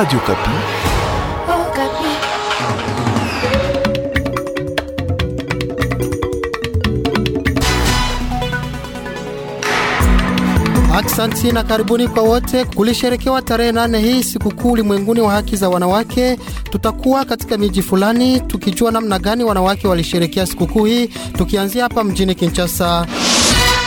Radio Kapi. Oh, Kapi. Aksanti na karibuni kwa wote. Kulisherekewa tarehe nane hii sikukuu ulimwenguni wa haki za wanawake. Tutakuwa katika miji fulani tukijua namna gani wanawake walisherekea sikukuu hii, tukianzia hapa mjini Kinshasa.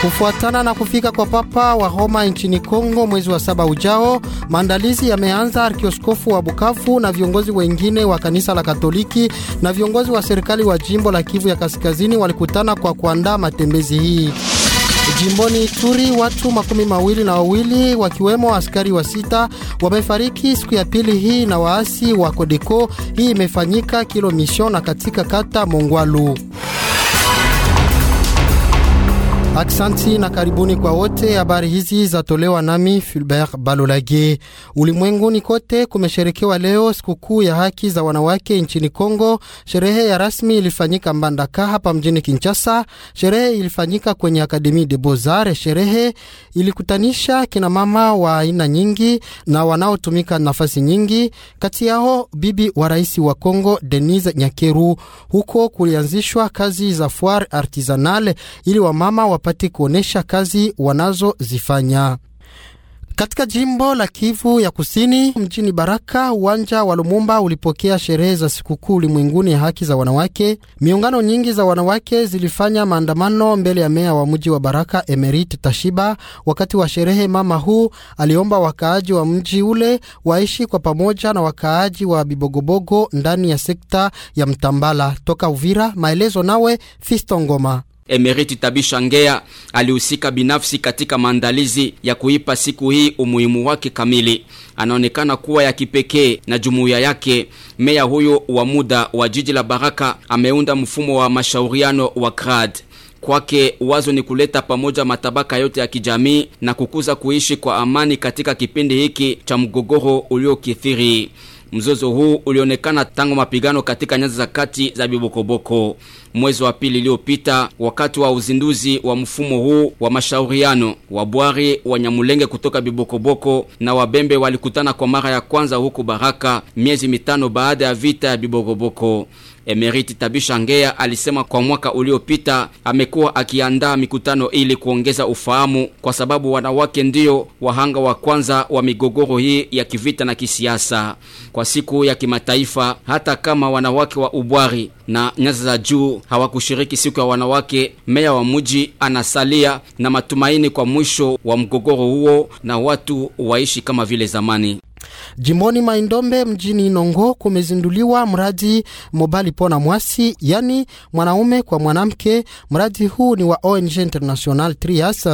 Kufuatana na kufika kwa Papa wa Roma nchini Kongo mwezi wa saba ujao, maandalizi yameanza. Arkioskofu wa Bukavu na viongozi wengine wa kanisa la Katoliki na viongozi wa serikali wa jimbo la Kivu ya Kaskazini walikutana kwa kuandaa matembezi hii. Jimboni Ituri watu makumi mawili na wawili wakiwemo askari wa sita wamefariki siku ya pili hii na waasi wa Kodeko. Hii imefanyika Kilo Mission na katika kata Mongwalu. Aksanti na karibuni kwa wote. Habari hizi zatolewa nami Fulbert Balolage. Ulimwenguni kote kumesherekewa leo sikukuu ya haki za wanawake nchini Kongo. Sherehe ya rasmi ilifanyika Mbandaka hapa mjini Kinshasa. Sherehe ilifanyika kwenye Akademi de Bozar. Sherehe ilikutanisha kinamama wa aina nyingi na wanaotumika nafasi nyingi, kati yao bibi wa rais wa Kongo Denise Nyakeru. Huko kulianzishwa kazi za foire artisanale ili wamama wa wapate kuonyesha kazi wanazozifanya. Katika jimbo la Kivu ya Kusini, mjini Baraka, uwanja wa Lumumba ulipokea sherehe za sikukuu ulimwenguni ya haki za wanawake. Miungano nyingi za wanawake zilifanya maandamano mbele ya meya wa mji wa Baraka, Emerit Tashiba. Wakati wa sherehe, mama huu aliomba wakaaji wa mji ule waishi kwa pamoja na wakaaji wa Bibogobogo ndani ya sekta ya Mtambala. Toka Uvira, maelezo nawe Fisto Ngoma. Emeriti Tabishangea alihusika binafsi katika maandalizi ya kuipa siku hii umuhimu wake kamili. Anaonekana kuwa ya kipekee na jumuiya yake. Meya huyo wa muda wa jiji la Baraka ameunda mfumo wa mashauriano wa CRAD. Kwake wazo ni kuleta pamoja matabaka yote ya kijamii na kukuza kuishi kwa amani katika kipindi hiki cha mgogoro uliokithiri. Mzozo huu ulionekana tangu mapigano katika nyanza za kati za Bibokoboko mwezi wa pili iliyopita, wakati wa uzinduzi wa mfumo huu wa mashauriano. Wabwari wa Nyamulenge kutoka Bibokoboko na Wabembe walikutana kwa mara ya kwanza huku Baraka miezi mitano baada ya vita ya Bibokoboko. Emeriti Tabishangea alisema kwa mwaka uliopita amekuwa akiandaa mikutano ili kuongeza ufahamu, kwa sababu wanawake ndio wahanga wa kwanza wa migogoro hii ya kivita na kisiasa. Kwa siku ya kimataifa, hata kama wanawake wa ubwari na nyaza za juu hawakushiriki siku ya wanawake, meya wa mji anasalia na matumaini kwa mwisho wa mgogoro huo na watu waishi kama vile zamani. Jimboni Maindombe mjini Inongo kumezinduliwa mradi Mobali Pona Mwasi, yani mwanaume kwa mwanamke. Mradi huu ni wa ONG International Trias.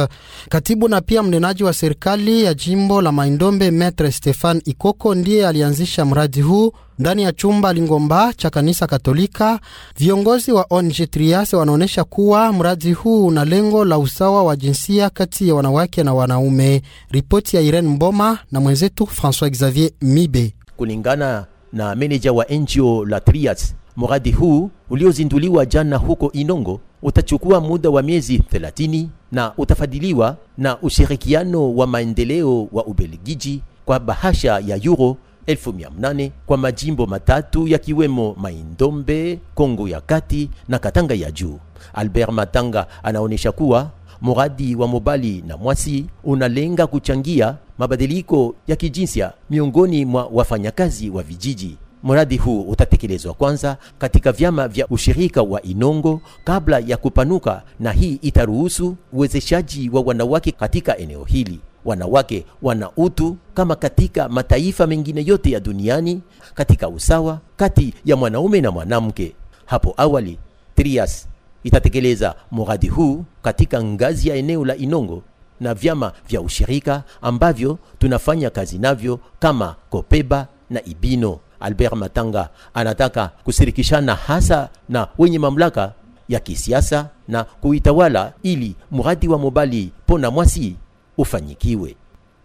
Katibu na pia mnenaji wa serikali ya jimbo la Maindombe Metre Stefan Ikoko ndiye alianzisha mradi huu ndani ya chumba Lingomba cha kanisa Katolika, viongozi wa ONG Trias wanaonyesha kuwa mradi huu una lengo la usawa wa jinsia kati ya wanawake na wanaume. Ripoti ya Irene Mboma na mwenzetu Francois Xavier Mibe. Kulingana na meneja wa NGO la Trias, mradi huu uliozinduliwa jana huko Inongo utachukua muda wa miezi 30 na utafadhiliwa na ushirikiano wa maendeleo wa Ubelgiji kwa bahasha ya Euro 1800 kwa majimbo matatu yakiwemo Maindombe, Kongo ya Kati na Katanga ya Juu. Albert Matanga anaonesha kuwa muradi wa Mobali na Mwasi unalenga kuchangia mabadiliko ya kijinsia miongoni mwa wafanyakazi wa vijiji. Mradi huu utatekelezwa kwanza katika vyama vya ushirika wa Inongo kabla ya kupanuka, na hii itaruhusu uwezeshaji wa wanawake katika eneo hili wanawake wana utu kama katika mataifa mengine yote ya duniani katika usawa kati ya mwanaume na mwanamke. Hapo awali Trias itatekeleza muradi huu katika ngazi ya eneo la Inongo na vyama vya ushirika ambavyo tunafanya kazi navyo kama Kopeba na Ibino. Albert Matanga anataka kushirikishana hasa na wenye mamlaka ya kisiasa na kuitawala ili muradi wa Mobali Pona Mwasi ufanyikiwe.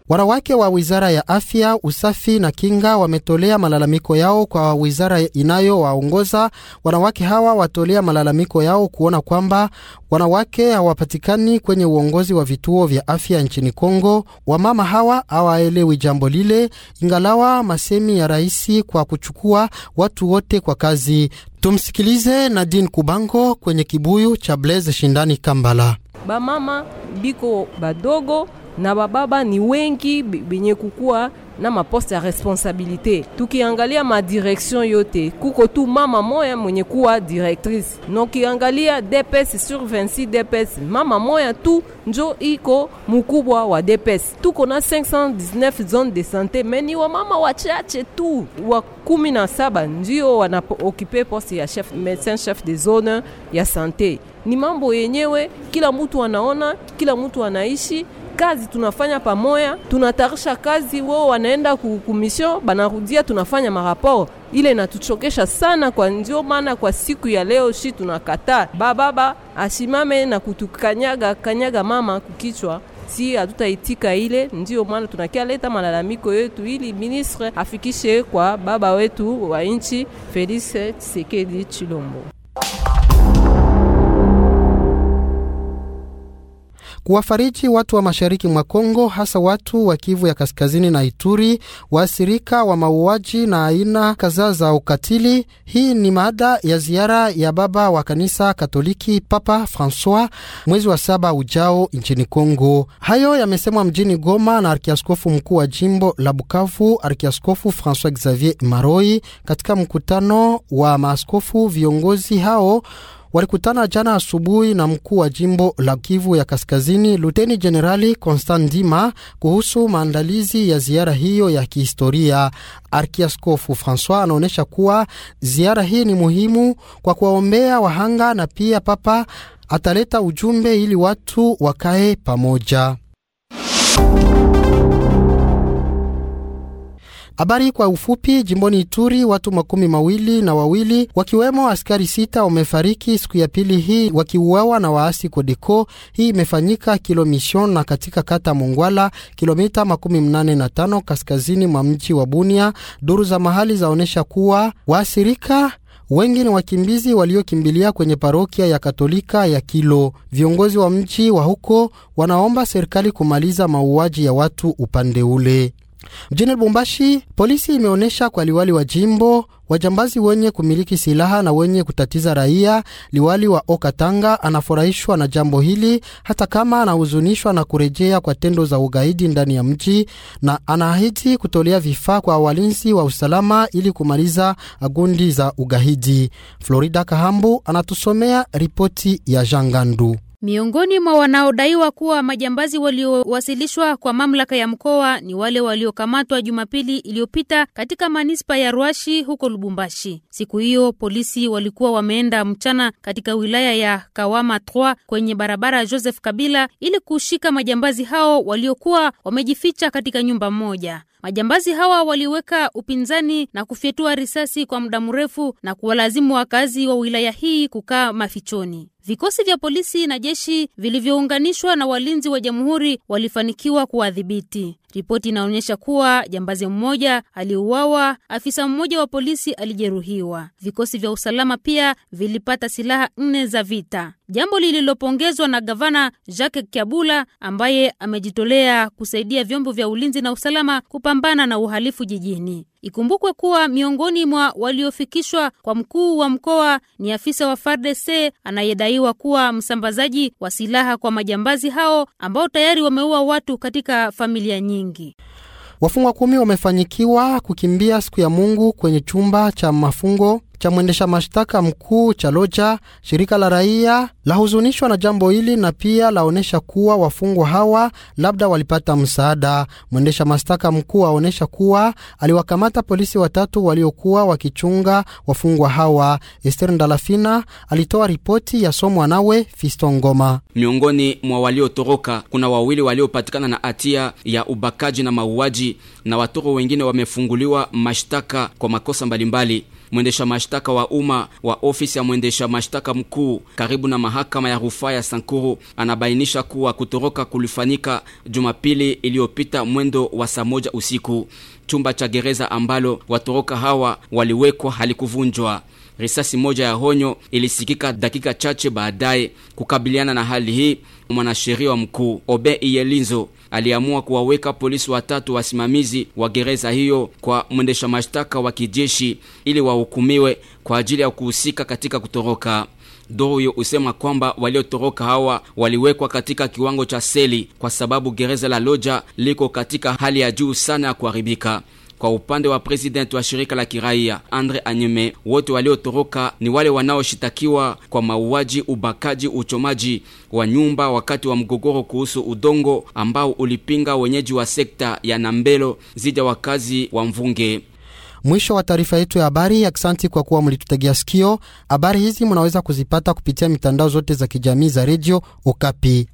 Wanawake wa wizara ya afya, usafi na kinga wametolea malalamiko yao kwa wizara inayowaongoza. Wanawake hawa watolea malalamiko yao kuona kwamba wanawake hawapatikani kwenye uongozi wa vituo vya afya nchini Kongo. Wamama hawa hawaelewi jambo lile, ingalawa masemi ya rais kwa kuchukua watu wote kwa kazi. Tumsikilize Nadine Kubango kwenye kibuyu cha Blaise Shindani Kambala. Bamama biko badogo na bababa ni wengi benye kukuwa na maposte ya responsabilite. Tukiangalia madireksion yote kuko tu mama moya mwenye kuwa directrice, nokiangalia kiangalia DPS sur 26 DPS, mama moya tu njo iko mukubwa wa DPS. Tuko na 519 zone de santé meni wa mama wachache tu wa kumi na saba ndio wanaokipe poste ya chef, medecin chef de zone ya santé Ni mambo yenyewe kila mutu anaona, kila mutu anaishi kazi tunafanya pamoya, tunatarisha kazi, wao wanaenda kukumisio, banarudia, tunafanya maraporo ile inatuchokesha sana. Kwa ndio maana kwa siku ya leo shi tunakataa bababa asimame na kutukanyaga kanyaga mama kukichwa si hatutaitika ile. Ndio maana tunakialeta malalamiko yetu ili ministre afikishe kwa baba wetu wa nchi Felix Tshisekedi Chilombo. kuwafariji watu wa mashariki mwa Kongo, hasa watu wa Kivu ya kaskazini na Ituri, waasirika wa mauaji na aina kadhaa za ukatili. Hii ni maada ya ziara ya baba wa kanisa Katoliki Papa Francois mwezi wa saba ujao nchini Kongo. Hayo yamesemwa mjini Goma na arkiaskofu mkuu wa jimbo la Bukavu, arkiaskofu Francois Xavier Maroi katika mkutano wa maaskofu viongozi hao walikutana jana asubuhi na mkuu wa jimbo la Kivu ya Kaskazini, Luteni Jenerali Constant Ndima kuhusu maandalizi ya ziara hiyo ya kihistoria. Arkiaskofu Francois anaonyesha kuwa ziara hii ni muhimu kwa kuwaombea wahanga na pia Papa ataleta ujumbe ili watu wakae pamoja. Habari kwa ufupi. Jimboni Ituri, watu makumi mawili na wawili wakiwemo askari sita wamefariki siku ya pili hii wakiuawa na waasi Kodeko. Hii imefanyika Kilomision na katika kata Mongwala, kilomita makumi mnane na tano kaskazini mwa mji wa Bunia. Duru za mahali zaonyesha kuwa waasirika wengi ni wakimbizi waliokimbilia kwenye parokia ya Katolika ya Kilo. Viongozi wa mji wa huko wanaomba serikali kumaliza mauaji ya watu upande ule. Mjini Lubumbashi, polisi imeonyesha kwa liwali wa jimbo wajambazi wenye kumiliki silaha na wenye kutatiza raia. Liwali wa Okatanga anafurahishwa na jambo hili, hata kama anahuzunishwa na kurejea kwa tendo za ugaidi ndani ya mji, na anaahidi kutolea vifaa kwa walinzi wa usalama ili kumaliza agundi za ugaidi. Florida Kahambu anatusomea ripoti ya Jangandu. Miongoni mwa wanaodaiwa kuwa majambazi waliowasilishwa kwa mamlaka ya mkoa ni wale waliokamatwa Jumapili iliyopita katika manispa ya Ruashi huko Lubumbashi. Siku hiyo polisi walikuwa wameenda mchana katika wilaya ya Kawama 3 kwenye barabara Joseph Kabila ili kushika majambazi hao waliokuwa wamejificha katika nyumba moja. Majambazi hawa waliweka upinzani na kufyatua risasi kwa muda mrefu na kuwalazimu wakazi wa wilaya hii kukaa mafichoni. Vikosi vya polisi na jeshi vilivyounganishwa na walinzi wa jamhuri walifanikiwa kuwadhibiti. Ripoti inaonyesha kuwa jambazi mmoja aliuawa, afisa mmoja wa polisi alijeruhiwa. Vikosi vya usalama pia vilipata silaha nne za vita jambo lililopongezwa na gavana Jacques Kiabula ambaye amejitolea kusaidia vyombo vya ulinzi na usalama kupambana na uhalifu jijini. Ikumbukwe kuwa miongoni mwa waliofikishwa kwa mkuu wa mkoa ni afisa wa FARDC anayedaiwa kuwa msambazaji wa silaha kwa majambazi hao ambao tayari wameua watu katika familia nyingi. Wafungwa kumi wamefanyikiwa kukimbia siku ya Mungu kwenye chumba cha mafungo cha mwendesha mashtaka mkuu cha Loja, shirika la raia lahuzunishwa na jambo hili na pia laonyesha kuwa wafungwa hawa labda walipata msaada. Mwendesha mashtaka mkuu aonyesha kuwa aliwakamata polisi watatu waliokuwa wakichunga wafungwa hawa. Ester Ndalafina alitoa ripoti ya somwa nawe Fisto Ngoma. Miongoni mwa waliotoroka kuna wawili waliopatikana na hatia ya ubakaji na mauaji na watoro wengine wamefunguliwa mashtaka kwa makosa mbalimbali mbali mwendesha mashtaka wa umma wa ofisi ya mwendesha mashtaka mkuu karibu na mahakama ya rufaa ya Sankuru anabainisha kuwa kutoroka kulifanyika Jumapili iliyopita mwendo wa saa moja usiku. Chumba cha gereza ambalo watoroka hawa waliwekwa halikuvunjwa. Risasi moja ya honyo ilisikika dakika chache baadaye. Kukabiliana na hali hii, mwanasheria mkuu Obe Iyelinzo aliamua kuwaweka polisi watatu wasimamizi wa gereza hiyo kwa mwendesha mashtaka wa kijeshi ili wahukumiwe kwa ajili ya kuhusika katika kutoroka. Doyo husema kwamba waliotoroka hawa waliwekwa katika kiwango cha seli kwa sababu gereza la Loja liko katika hali ya juu sana ya kuharibika. Kwa upande wa president wa shirika la kiraia Andre Anyeme, wote waliotoroka ni wale wanaoshitakiwa kwa mauaji, ubakaji, uchomaji wa nyumba wakati wa mgogoro kuhusu udongo ambao ulipinga wenyeji wa sekta ya Nambelo zidi ya wakazi wa Mvunge. Mwisho wa taarifa yetu ya habari. Aksanti kwa kuwa mlitutegea sikio. Habari hizi mnaweza kuzipata kupitia mitandao zote za kijamii za redio Okapi.